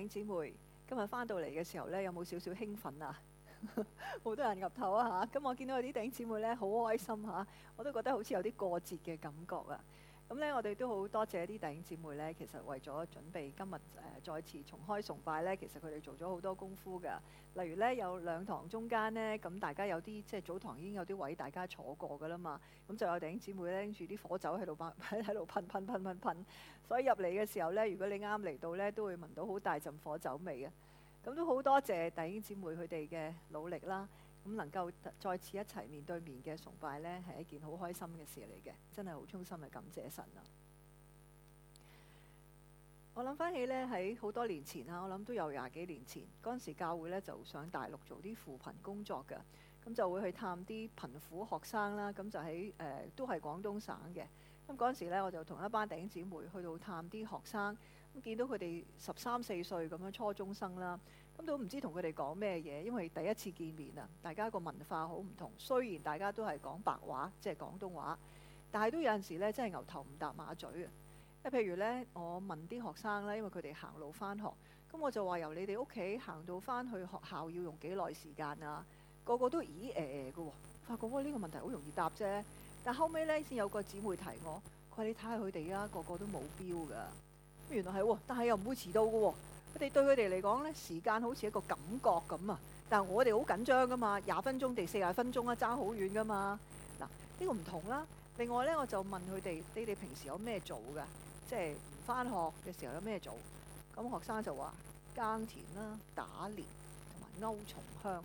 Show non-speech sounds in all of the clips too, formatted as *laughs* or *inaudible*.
頂姐妹今日翻到嚟嘅時候咧，有冇少少興奮 *laughs* 啊？好多人岌頭啊。吓咁，我見到有啲頂姐妹咧，好開心吓，啊，我都覺得好似有啲過節嘅感覺啊！咁咧，我哋都好多謝啲弟兄姊妹咧。其實為咗準備今日誒、呃、再次重開崇拜咧，其實佢哋做咗好多功夫嘅。例如咧，有兩堂中間咧，咁大家有啲即係早堂已經有啲位大家坐過噶啦嘛。咁就有弟兄姊妹拎住啲火酒喺度噴，喺度噴噴噴噴噴。所以入嚟嘅時候咧，如果你啱嚟到咧，都會聞到好大陣火酒味嘅。咁都好多謝弟兄姊妹佢哋嘅努力啦。咁能夠再次一齊面對面嘅崇拜呢，係一件好開心嘅事嚟嘅，真係好衷心嘅感謝神啦、啊！我諗翻起呢，喺好多年前啦，我諗都有廿幾年前，嗰陣時教會呢，就上大陸做啲扶貧工作㗎，咁就會去探啲貧苦學生啦，咁就喺誒、呃、都係廣東省嘅。咁嗰陣時呢，我就同一班弟兄姊妹去到探啲學生，咁見到佢哋十三四歲咁樣初中生啦。咁都唔知同佢哋講咩嘢，因為第一次見面啊，大家個文化好唔同。雖然大家都係講白話，即係廣東話，但係都有陣時咧，真係牛頭唔搭馬嘴啊！譬如呢，我問啲學生呢，因為佢哋行路返學，咁我就話由你哋屋企行到返去學校要用幾耐時間啊？個個都咦誒嘅喎，發覺呢個問題好容易答啫。但後尾呢，先有個姊妹提我，佢話你睇下佢哋啊，個個都冇錶㗎。原來係喎，但係又唔會遲到嘅喎。我哋對佢哋嚟講咧，時間好似一個感覺咁啊。但係我哋好緊張噶嘛，廿分鐘定四廿分鐘啊，爭好遠噶嘛。嗱，呢個唔同啦。另外咧，我就問佢哋：你哋平時有咩做噶？即係唔翻學嘅時候有咩做？咁學生就話耕田啦、打獵同埋勾松香。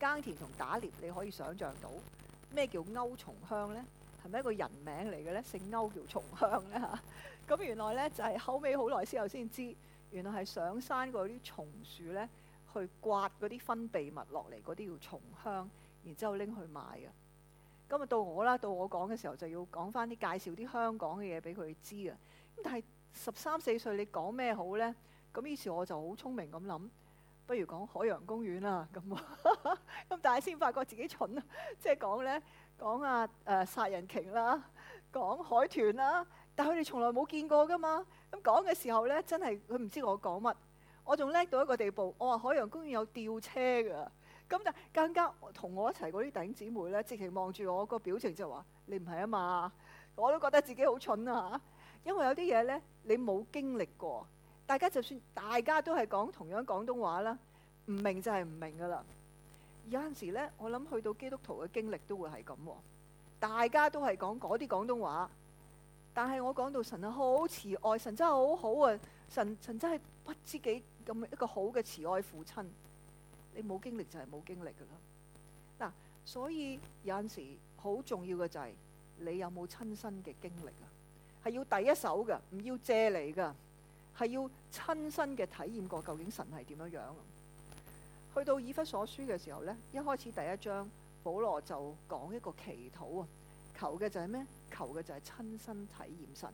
耕田同打獵你可以想象到，咩叫勾松香咧？係咪一個人名嚟嘅咧？姓勾叫松香咧？嚇，咁原來咧，就係後尾好耐之後先知。原來係上山嗰啲松樹咧，去刮嗰啲分泌物落嚟，嗰啲叫松香，然之後拎去賣嘅。咁啊到我啦，到我講嘅時候就要講翻啲介紹啲香港嘅嘢俾佢哋知啊。咁但係十三四歲你講咩好咧？咁於是我就好聰明咁諗，不如講海洋公園啦。咁咁 *laughs* 但係先發覺自己蠢啊！即係講咧講啊誒殺人鯨啦，講海豚啦，但係佢哋從來冇見過㗎嘛。咁講嘅時候呢，真係佢唔知我講乜。我仲叻到一個地步，我話海洋公園有吊車㗎，咁就更加同我一齊嗰啲弟兄姊妹呢，直情望住我個表情就話：你唔係啊嘛！我都覺得自己好蠢啊，因為有啲嘢呢，你冇經歷過，大家就算大家都係講同樣廣東話啦，唔明就係唔明㗎啦。有陣時呢，我諗去到基督徒嘅經歷都會係咁喎，大家都係講嗰啲廣東話。但係我講到神啊，好慈愛，神真係好好啊！神神真係不知幾咁一個好嘅慈愛父親。你冇經歷就係冇經歷噶啦。嗱，啊，所以有陣時好重要嘅就係你有冇親身嘅經歷啊？係要第一手噶，唔要借嚟噶，係要親身嘅體驗過究竟神係點樣樣。去到以弗所書嘅時候呢，一開始第一章，保羅就講一個祈禱啊。求嘅就係咩？求嘅就係親身體驗神。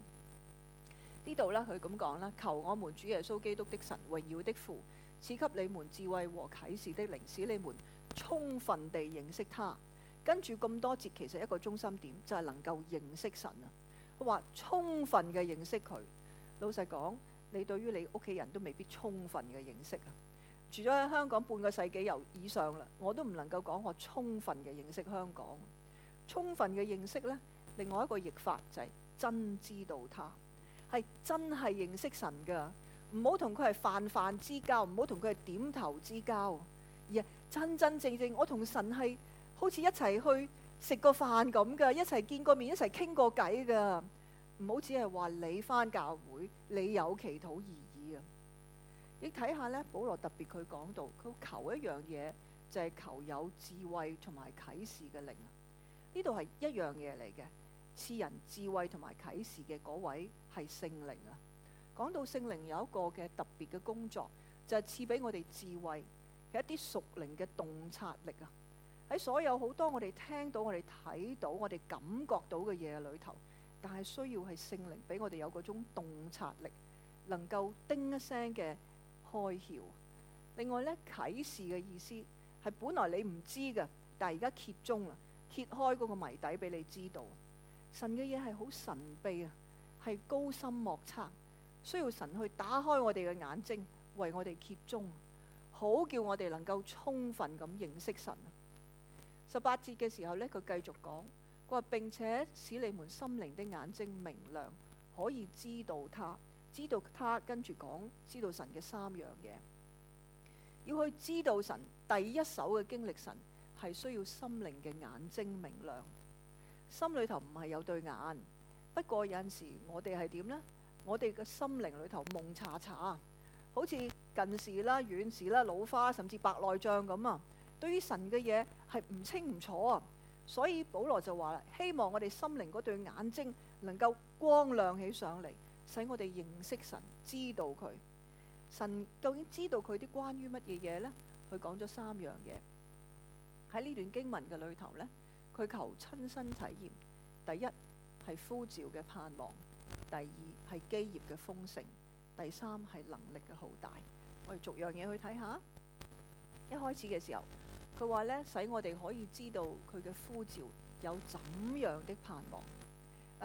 呢度呢，佢咁講啦：求我們主耶穌基督的神榮耀的父，賜給你們智慧和啟示的靈，使你們充分地認識他。跟住咁多節，其實一個中心點就係、是、能夠認識神啊。佢話充分嘅認識佢。老實講，你對於你屋企人都未必充分嘅認識啊。住咗喺香港半個世紀有以上啦，我都唔能夠講我充分嘅認識香港。充分嘅認識呢，另外一個譯法就係真知道他，係真係認識神噶。唔好同佢係泛泛之交，唔好同佢係點頭之交，而係真真正正，正我同神係好似一齊去食個飯咁噶，一齊見過面，一齊傾過偈噶。唔好只係話你返教會，你有祈禱而已啊！你睇下呢，保羅特別佢講到佢求一樣嘢，就係、是、求有智慧同埋啟示嘅靈。呢度係一樣嘢嚟嘅，賜人智慧同埋啟示嘅嗰位係聖靈啊。講到聖靈有一個嘅特別嘅工作，就係賜俾我哋智慧，係一啲屬靈嘅洞察力啊。喺所有好多我哋聽到、我哋睇到、我哋感覺到嘅嘢裏頭，但係需要係聖靈俾我哋有嗰種洞察力，能夠叮一聲嘅開竅。另外呢，啟示嘅意思係本來你唔知嘅，但係而家揭盅啦。揭開嗰個謎底俾你知道，神嘅嘢係好神祕啊，係高深莫測，需要神去打開我哋嘅眼睛，為我哋揭盅，好叫我哋能夠充分咁認識神。十八節嘅時候呢，佢繼續講，佢話，並且使你們心靈的眼睛明亮，可以知道他，知道他，跟住講，知道神嘅三樣嘢，要去知道神第一手嘅經歷神。係需要心靈嘅眼睛明亮，心裏頭唔係有對眼，不過有陣時我哋係點呢？我哋嘅心靈裏頭蒙查查，好似近視啦、遠視啦、老花甚至白內障咁啊！對於神嘅嘢係唔清唔楚啊！所以保羅就話啦：希望我哋心靈嗰對眼睛能夠光亮起上嚟，使我哋認識神、知道佢。神究竟知道佢啲關於乜嘢嘢呢？佢講咗三樣嘢。喺呢段經文嘅裏頭呢，佢求親身體驗。第一係呼召嘅盼望，第二係基業嘅豐盛，第三係能力嘅浩大。我哋逐樣嘢去睇下。一開始嘅時候，佢話呢，使我哋可以知道佢嘅呼召有怎樣的盼望。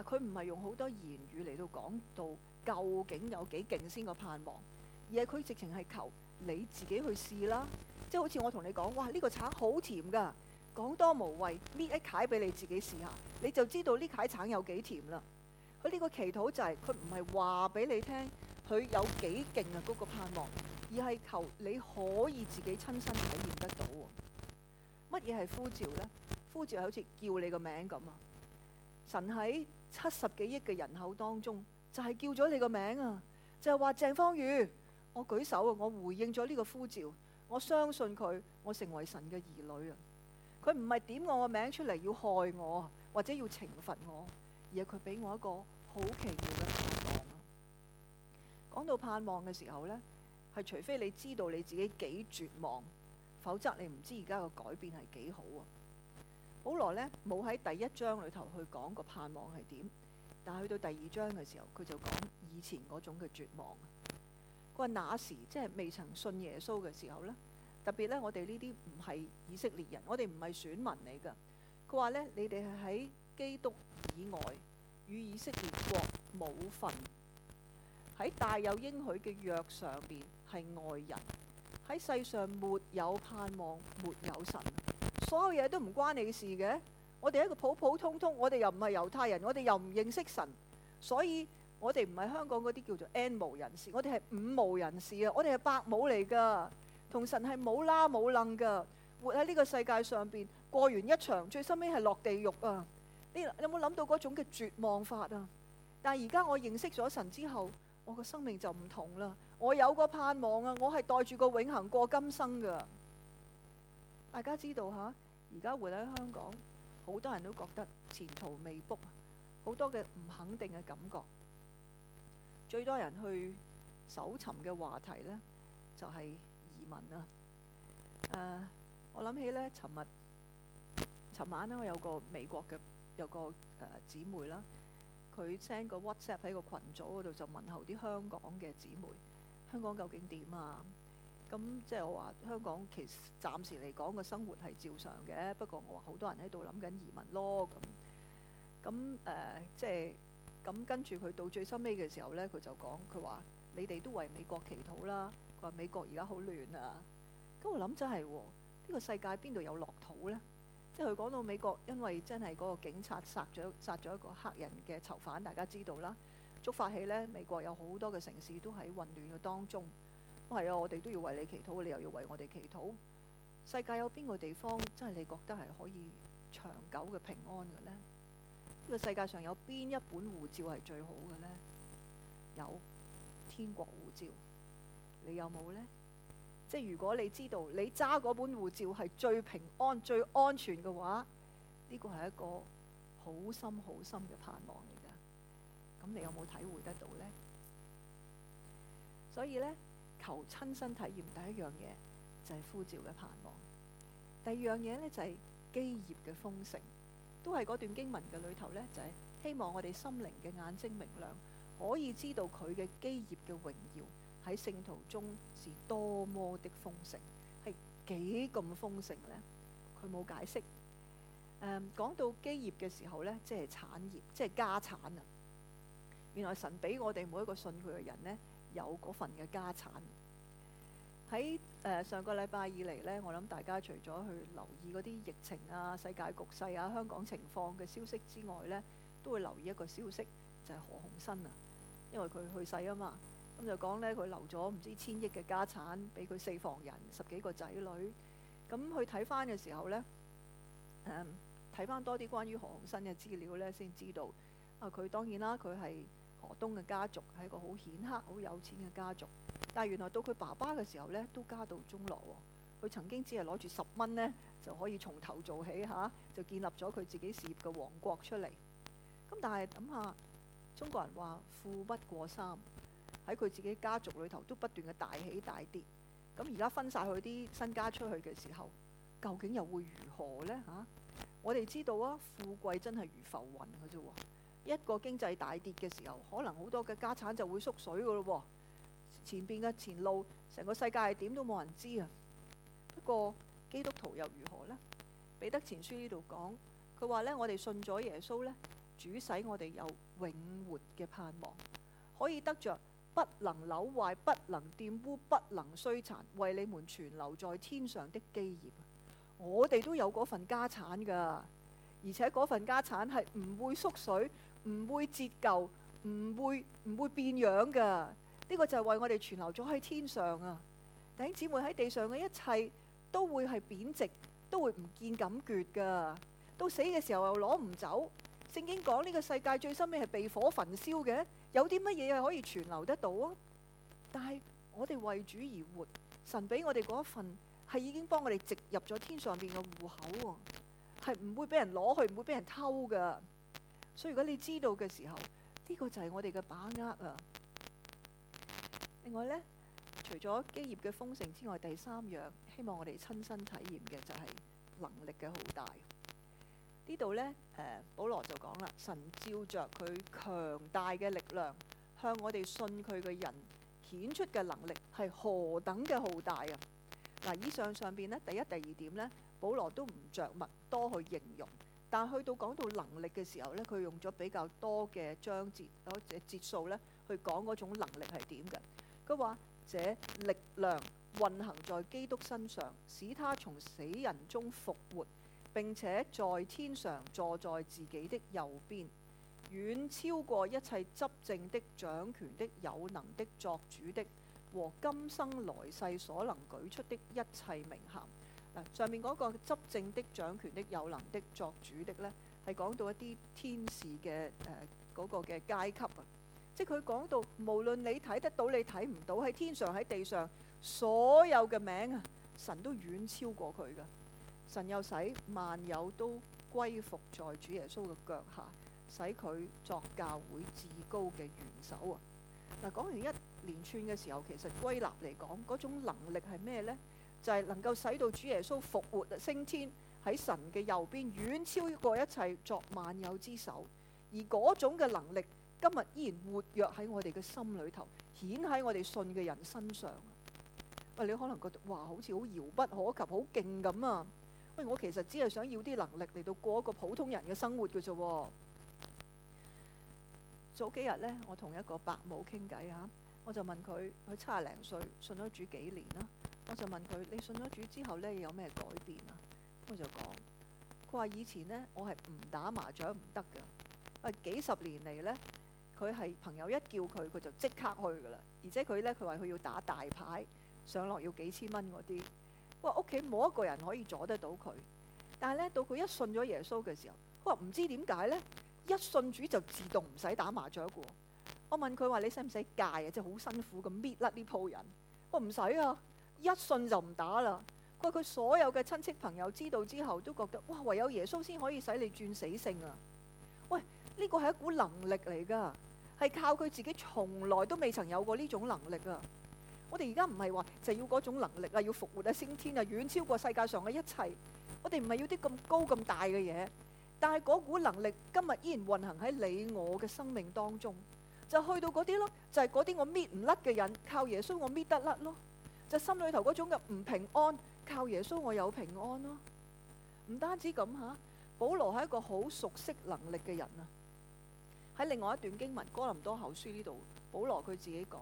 佢唔係用好多言語嚟到講到究竟有幾勁先個盼望，而係佢直情係求你自己去試啦。即係好似我同你講，哇！呢個橙好甜㗎。講多無謂，搣一攪俾你自己試下，你就知道呢攪橙有幾甜啦。佢呢個祈禱就係佢唔係話俾你聽，佢有幾勁啊！嗰個盼望，而係求你可以自己親身體驗得到。乜嘢係呼召呢？呼召係好似叫你個名咁啊！神喺七十幾億嘅人口當中，就係叫咗你個名啊！就係話鄭方宇，我舉手啊！我回應咗呢個呼召。我相信佢，我成為神嘅兒女啊！佢唔係點我個名出嚟要害我，或者要懲罰我，而係佢俾我一個好奇妙嘅盼望咯。講到盼望嘅時候呢，係除非你知道你自己幾絕望，否則你唔知而家個改變係幾好啊！保羅呢冇喺第一章裏頭去講個盼望係點，但係去到第二章嘅時候，佢就講以前嗰種嘅絕望。佢話：那時即係未曾信耶穌嘅時候呢，特別咧，我哋呢啲唔係以色列人，我哋唔係選民嚟噶。佢話呢，你哋係喺基督以外，與以色列國冇份，喺大有應許嘅約上邊係外人，喺世上沒有盼望，沒有神，所有嘢都唔關你事嘅。我哋係一個普普通通，我哋又唔係猶太人，我哋又唔認識神，所以。我哋唔係香港嗰啲叫做 n 無人士，我哋係五無人士啊！我哋係百無嚟噶，同神係冇啦冇楞噶，活喺呢個世界上邊過完一場，最收尾係落地獄啊！你有冇諗到嗰種嘅絕望法啊？但係而家我認識咗神之後，我個生命就唔同啦。我有個盼望啊！我係帶住個永恆過今生噶。大家知道吓，而家活喺香港好多人都覺得前途未卜，啊，好多嘅唔肯定嘅感覺。最多人去搜尋嘅話題呢，就係、是、移民啦。誒、uh,，我諗起呢，尋日、尋晚咧，我有個美國嘅有個誒姊、呃、妹啦，佢 send 個 WhatsApp 喺個群組嗰度就問候啲香港嘅姊妹，香港究竟點啊？咁即係我話香港其實暫時嚟講個生活係照常嘅，不過我話好多人喺度諗緊移民咯。咁咁誒，uh, 即係。咁跟住佢到最收尾嘅時候呢，佢就講：佢話你哋都為美國祈禱啦。佢話美國而家好亂啊！咁我諗真係喎、哦，呢個世界邊度有樂土呢？即係佢講到美國，因為真係嗰個警察殺咗殺咗一個黑人嘅囚犯，大家知道啦。觸發起呢，美國有好多嘅城市都喺混亂嘅當中。係、哎、啊，我哋都要為你祈禱，你又要為我哋祈禱。世界有邊個地方真係你覺得係可以長久嘅平安嘅呢？呢個世界上有邊一本護照係最好嘅呢？有天國護照，你有冇呢？即係如果你知道你揸嗰本護照係最平安、最安全嘅話，呢個係一個好深、好深嘅盼望嚟㗎。咁你有冇體會得到呢？所以呢，求親身體驗第一樣嘢就係呼召嘅盼望，第二樣嘢呢，就係基業嘅豐盛。都係嗰段經文嘅裏頭呢，就係、是、希望我哋心靈嘅眼睛明亮，可以知道佢嘅基業嘅榮耀喺聖徒中是多麼的豐盛，係幾咁豐盛呢？佢冇解釋。誒、嗯，講到基業嘅時候呢，即係產業，即係家產啊！原來神俾我哋每一個信佢嘅人呢，有嗰份嘅家產。喺誒、呃、上個禮拜以嚟呢，我諗大家除咗去留意嗰啲疫情啊、世界局勢啊、香港情況嘅消息之外呢，都會留意一個消息就係、是、何鴻燊啊，因為佢去世啊嘛。咁就講呢，佢留咗唔知千億嘅家產俾佢四房人十幾個仔女。咁去睇翻嘅時候呢，睇、嗯、翻多啲關於何鴻燊嘅資料呢，先知道啊。佢當然啦，佢係何東嘅家族，係一個好顯赫、好有錢嘅家族。但係原來到佢爸爸嘅時候呢，都家道中落喎、哦。佢曾經只係攞住十蚊呢，就可以從頭做起嚇、啊，就建立咗佢自己事業嘅王國出嚟。咁、嗯、但係諗下，中國人話富不過三，喺佢自己家族裏頭都不斷嘅大起大跌。咁而家分晒佢啲身家出去嘅時候，究竟又會如何呢？嚇、啊？我哋知道啊，富貴真係如浮雲嘅啫喎。一個經濟大跌嘅時候，可能好多嘅家產就會縮水嘅咯喎。前邊嘅前路，成個世界係點都冇人知啊！不過基督徒又如何呢？彼得前書呢度講，佢話呢：我「我哋信咗耶穌呢，主使我哋有永活嘅盼望，可以得着不能扭壞、不能玷污、不能衰殘，為你們存留在天上的基業。我哋都有嗰份家產㗎，而且嗰份家產係唔會縮水、唔會折舊、唔會唔會變樣㗎。呢個就係為我哋存留咗喺天上啊！弟兄姊妹喺地上嘅一切都會係貶值，都會唔見咁絕㗎。到死嘅時候又攞唔走。聖經講呢個世界最深屘係被火焚燒嘅，有啲乜嘢係可以存留得到啊？但係我哋為主而活，神俾我哋嗰一份係已經幫我哋植入咗天上邊嘅戶口喎、啊，係唔會俾人攞去，唔會俾人偷㗎。所以如果你知道嘅時候，呢個就係我哋嘅把握啊！另外咧，除咗基業嘅豐盛之外，第三樣希望我哋親身體驗嘅就係能力嘅浩大。呢度咧，誒、啊，保羅就講啦，神照着佢強大嘅力量，向我哋信佢嘅人顯出嘅能力係何等嘅浩大啊！嗱，以上上邊咧，第一、第二點咧，保羅都唔着墨多去形容，但去到講到能力嘅時候咧，佢用咗比較多嘅章節，或者節數咧，去講嗰種能力係點嘅。佢話：這力量運行在基督身上，使他從死人中復活，並且在天上坐在自己的右邊，遠超過一切執政的、掌權的、有能的、作主的，和今生來世所能舉出的一切名銜。嗱，上面嗰個執政的、掌權的、有能的、作主的呢，係講到一啲天使嘅誒嗰個嘅階級啊。即佢講到，無論你睇得到你睇唔到，喺天上喺地上，所有嘅名啊，神都遠超過佢㗎。神又使萬有都歸服在主耶穌嘅腳下，使佢作教會至高嘅元首啊！嗱，講完一連串嘅時候，其實歸納嚟講，嗰種能力係咩呢？就係能夠使到主耶穌復活啊，升天喺神嘅右邊，遠超過一切，作萬有之首。而嗰種嘅能力，今日依然活躍喺我哋嘅心裡頭，顯喺我哋信嘅人身上。喂、哎，你可能覺得哇，好似好遙不可及，好勁咁啊！喂，我其實只係想要啲能力嚟到過一個普通人嘅生活嘅啫。早幾日呢，我同一個伯母傾偈啊，我就問佢，佢七十零歲，信咗主幾年啦？我就問佢，你信咗主之後呢，有咩改變啊？佢就講，佢話以前呢，我係唔打麻將唔得嘅。啊，幾十年嚟呢。佢係朋友一叫佢，佢就即刻去㗎喇。而且佢咧，佢話佢要打大牌，上落要幾千蚊嗰啲。哇，屋企冇一個人可以阻得到佢。但係咧，到佢一信咗耶穌嘅時候，佢話唔知點解咧，一信主就自動唔使打麻雀嘅喎。我問佢話：你使唔使戒啊？即係好辛苦咁搣甩啲鋪人。我唔使啊，一信就唔打啦。佢話佢所有嘅親戚朋友知道之後，都覺得哇，唯有耶穌先可以使你轉死性啊。呢個係一股能力嚟㗎，係靠佢自己，從來都未曾有過呢種能力啊！我哋而家唔係話就要嗰種能力啊，要復活啊、升天啊，遠超過世界上嘅一切。我哋唔係要啲咁高咁大嘅嘢，但係嗰股能力今日依然運行喺你我嘅生命當中，就去到嗰啲咯，就係嗰啲我搣唔甩嘅人，靠耶穌我搣得甩咯。就心裏頭嗰種嘅唔平安，靠耶穌我有平安咯。唔單止咁吓，保羅係一個好熟悉能力嘅人啊！喺另外一段經文《哥林多後書》呢度，保羅佢自己講，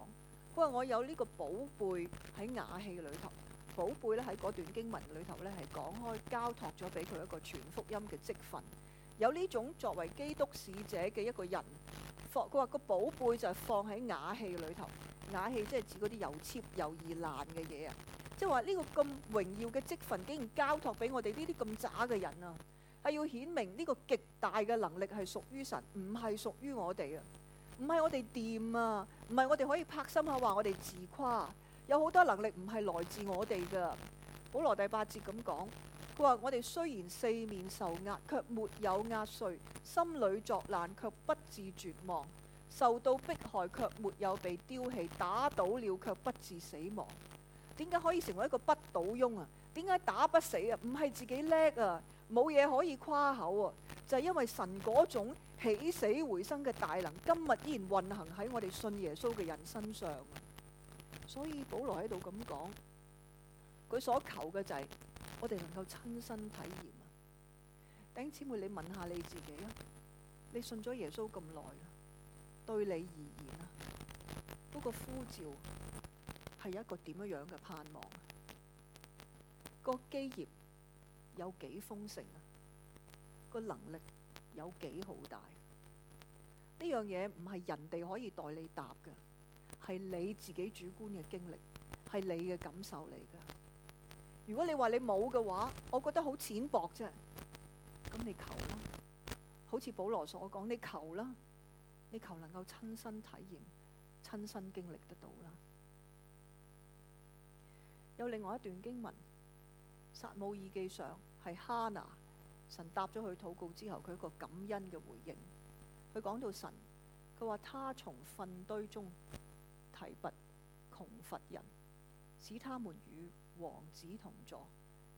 佢話我有呢個寶貝喺瓦器裏頭，寶貝咧，喺嗰段經文裏頭咧係講開交託咗俾佢一個全福音嘅職分，有呢種作為基督使者嘅一個人，佢話個寶貝就係放喺瓦器裏頭，瓦器即係指嗰啲又 cheap 又易爛嘅嘢啊，即係話呢個咁榮耀嘅職分，竟然交託俾我哋呢啲咁渣嘅人啊！係要顯明呢個極大嘅能力係屬於神，唔係屬於我哋啊！唔係我哋掂啊！唔係我哋可以拍心口話我哋自誇。有好多能力唔係來自我哋噶。保羅第八節咁講，佢話：我哋雖然四面受壓，卻沒有壓碎；心裏作難，卻不至絕望；受到迫害，卻沒有被丟棄；打倒了，卻不至死亡。點解可以成為一個不倒翁啊？點解打不死啊？唔係自己叻啊！冇嘢可以誇口啊，就係因為神嗰種起死回生嘅大能，今日依然運行喺我哋信耶穌嘅人身上。所以保羅喺度咁講，佢所求嘅就係我哋能夠親身體驗啊！弟兄姊妹，你問下你自己啊，你信咗耶穌咁耐啦，對你而言啊，嗰個呼召係一個點樣樣嘅盼望啊？個基業。有幾豐盛啊？個能力有幾好大？呢樣嘢唔係人哋可以代你答㗎，係你自己主觀嘅經歷，係你嘅感受嚟㗎。如果你話你冇嘅話，我覺得好淺薄啫。咁你求啦，好似保羅所講，你求啦，你求能夠親身體驗、親身經歷得到啦。有另外一段經文。撒母耳記上係哈拿，ana，神答咗佢禱告之後，佢一個感恩嘅回應。佢講到神，佢話他從糞堆中提拔窮乏人，使他們與王子同坐，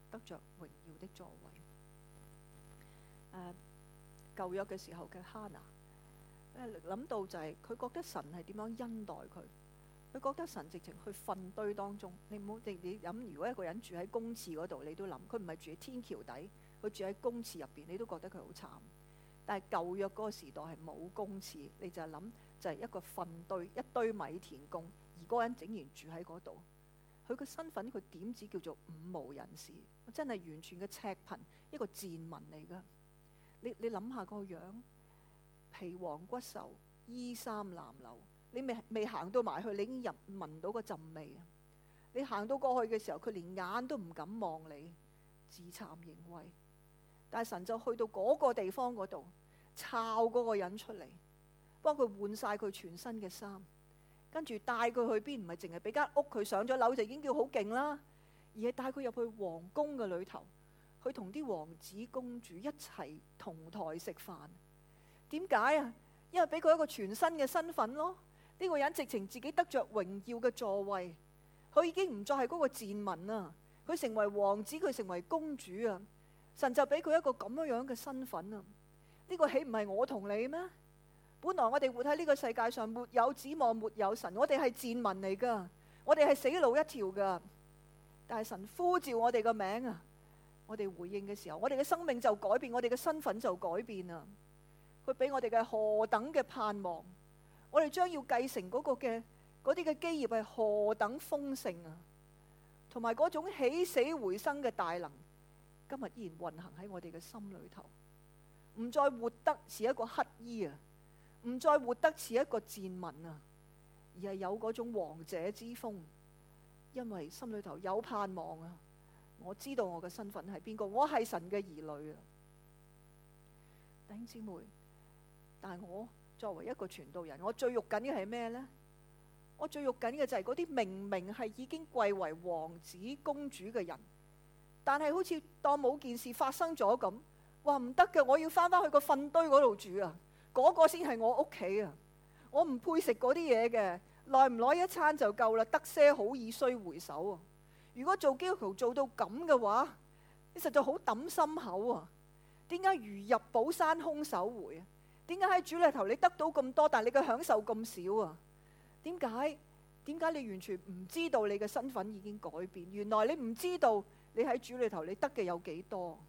得着榮耀的座位。誒、啊，舊約嘅時候嘅哈拿，誒諗到就係、是、佢覺得神係點樣恩待佢。佢覺得神直情去糞堆當中，你唔好定。你諗，如果一個人住喺公廁嗰度，你都諗佢唔係住喺天橋底，佢住喺公廁入邊，你都覺得佢好慘。但係舊約嗰個時代係冇公廁，你就係諗就係一個糞堆，一堆米田共，而嗰個人整完住喺嗰度，佢嘅身份，佢點止叫做五無人士，真係完全嘅赤貧，一個賤民嚟㗎。你，你諗下個樣，皮黃骨瘦，衣衫襤褸。你未未行到埋去，你已經入聞到個陣味啊！你行到過去嘅時候，佢連眼都唔敢望你，自慚形穢。但係神就去到嗰個地方嗰度，抄嗰個人出嚟，幫佢換晒佢全身嘅衫，跟住帶佢去邊？唔係淨係俾間屋佢上咗樓就已經叫好勁啦，而係帶佢入去皇宮嘅裏頭，去同啲王子公主一齊同台食飯。點解啊？因為俾佢一個全新嘅身份咯。呢個人直情自己得着榮耀嘅座位，佢已經唔再係嗰個賤民啦，佢成為王子，佢成為公主啊！神就俾佢一個咁樣樣嘅身份啊！呢、這個豈唔係我同你咩？本來我哋活喺呢個世界上，沒有指望，沒有神，我哋係賤民嚟噶，我哋係死路一條噶。但係神呼召我哋嘅名啊，我哋回應嘅時候，我哋嘅生命就改變，我哋嘅身份就改變啊！佢俾我哋嘅何等嘅盼望？我哋將要繼承嗰個嘅嗰啲嘅基業係何等豐盛啊，同埋嗰種起死回生嘅大能，今日依然運行喺我哋嘅心裏頭，唔再活得似一個乞衣啊，唔再活得似一個賤民啊，而係有嗰種王者之風，因為心裏頭有盼望啊，我知道我嘅身份係邊個，我係神嘅兒女啊，弟兄姊妹，但係我。作為一個傳道人，我最肉緊嘅係咩呢？我最肉緊嘅就係嗰啲明明係已經貴為王子公主嘅人，但係好似當冇件事發生咗咁，話唔得嘅，我要翻返去個糞堆嗰度住啊！嗰個先係我屋企啊！我唔配食嗰啲嘢嘅，耐唔耐一餐就夠啦，得些好意須回首啊！如果做基督徒做到咁嘅話，你實在好揼心口啊！點解如入寶山空手回啊？點解喺主裏頭你得到咁多，但係你嘅享受咁少啊？點解？點解你完全唔知道你嘅身份已經改變？原來你唔知道你喺主裏頭你得嘅有幾多？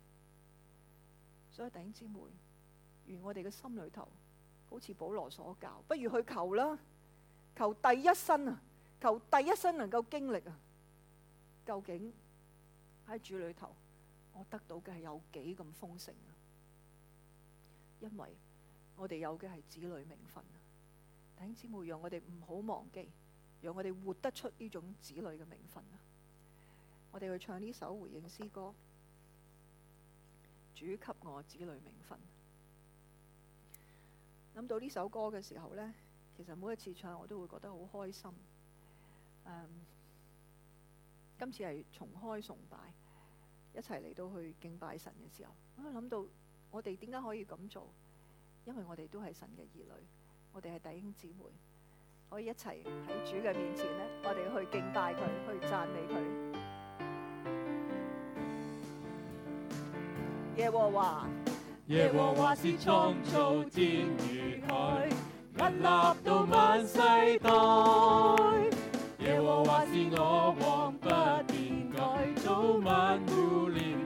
所以弟兄姊妹，如我哋嘅心裏頭，好似保羅所教，不如去求啦，求第一身啊，求第一身能夠經歷啊，究竟喺主裏頭我得到嘅係有幾咁豐盛啊？因為。我哋有嘅係子女名分啊！弟兄姊妹，讓我哋唔好忘記，讓我哋活得出呢種子女嘅名分啊！我哋去唱呢首回應詩歌，主給我子女名分。諗到呢首歌嘅時候呢，其實每一次唱我都會覺得好開心。嗯，今次係重開崇拜，一齊嚟到去敬拜神嘅時候，啊！諗到我哋點解可以咁做？因為我哋都係神嘅兒女，我哋係弟兄姊妹，可以一齊喺主嘅面前呢，我哋去敬拜佢，去讚美佢。耶和華，耶和華是創造天與海，屹立到萬世代。耶和華是我王，不變改，早晚要顧念。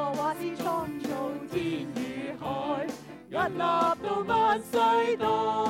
我話師創造天與海，一立到不世都。 *music*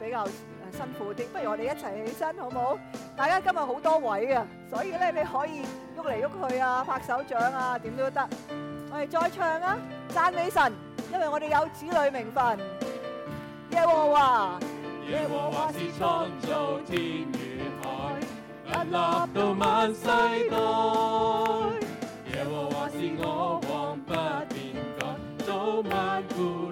比較辛苦啲，不如我哋一齊起身好唔好？大家今日好多位嘅，所以咧你可以喐嚟喐去啊，拍手掌啊，點都得。我哋再唱啊，讚美神，因為我哋有子女名分。耶和華，耶和華是創造天與海，屹立到萬世代。耶和華是我光不變的，都萬古。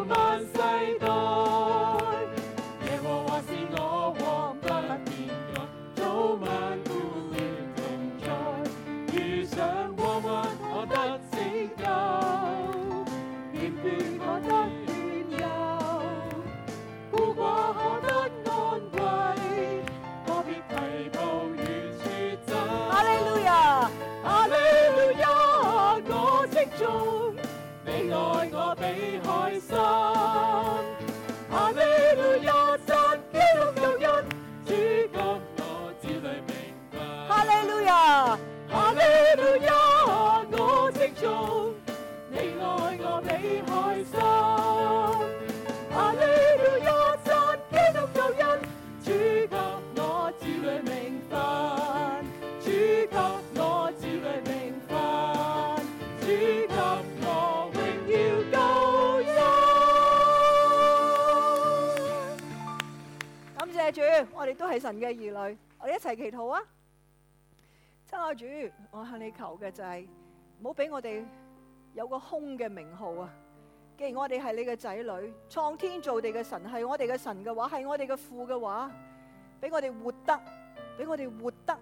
係神嘅兒女，我哋一齊祈禱啊！親愛主，我向你求嘅就係唔好俾我哋有個空嘅名號啊！既然我哋係你嘅仔女，創天造地嘅神係我哋嘅神嘅話，係我哋嘅父嘅話，俾我哋活得，俾我哋活得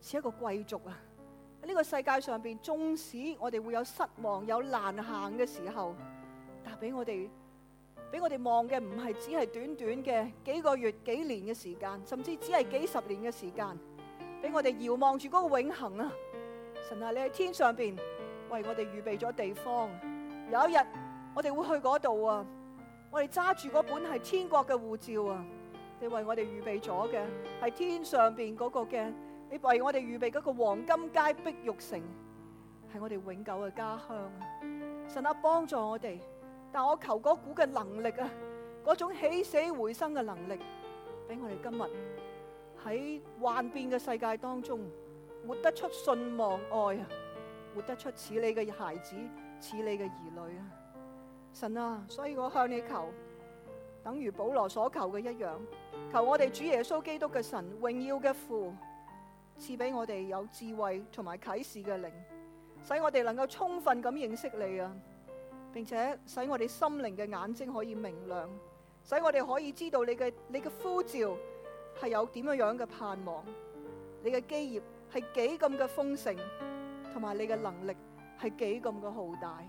似一個貴族啊！喺呢個世界上邊，縱使我哋會有失望、有難行嘅時候，但俾我哋。俾我哋望嘅唔係只係短短嘅幾個月、幾年嘅時間，甚至只係幾十年嘅時間，俾我哋遙望住嗰個永恆啊！神啊，你喺天上邊為我哋預備咗地方，有一日我哋會去嗰度啊！我哋揸住嗰本係天國嘅護照啊！你為我哋預備咗嘅係天上邊嗰個嘅，你為我哋預備嗰個黃金街碧玉城，係我哋永久嘅家鄉啊。神啊，幫助我哋！但我求嗰股嘅能力啊，嗰種起死回生嘅能力，俾我哋今日喺幻變嘅世界當中，活得出信望愛啊，活得出似你嘅孩子，似你嘅兒女啊，神啊，所以我向你求，等於保羅所求嘅一樣，求我哋主耶穌基督嘅神，榮耀嘅父，賜俾我哋有智慧同埋啟示嘅靈，使我哋能夠充分咁認識你啊。並且使我哋心靈嘅眼睛可以明亮，使我哋可以知道你嘅你嘅呼召係有點樣樣嘅盼望，你嘅基業係幾咁嘅豐盛，同埋你嘅能力係幾咁嘅浩大。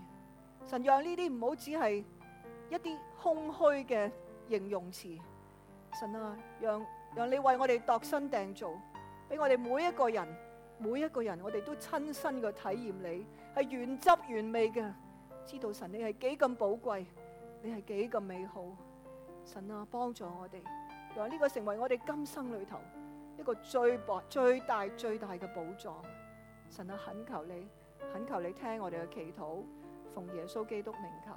神，讓呢啲唔好只係一啲空虛嘅形容詞。神啊，讓讓你為我哋度身訂造，俾我哋每一個人，每一個人，我哋都親身嘅體驗你係原汁原味嘅。知道神，你係幾咁寶貴，你係幾咁美好，神啊，幫助我哋，又話呢個成為我哋今生裏頭一個最博、最大、最大嘅寶藏。神啊，懇求你，懇求你聽我哋嘅祈禱，奉耶穌基督名求。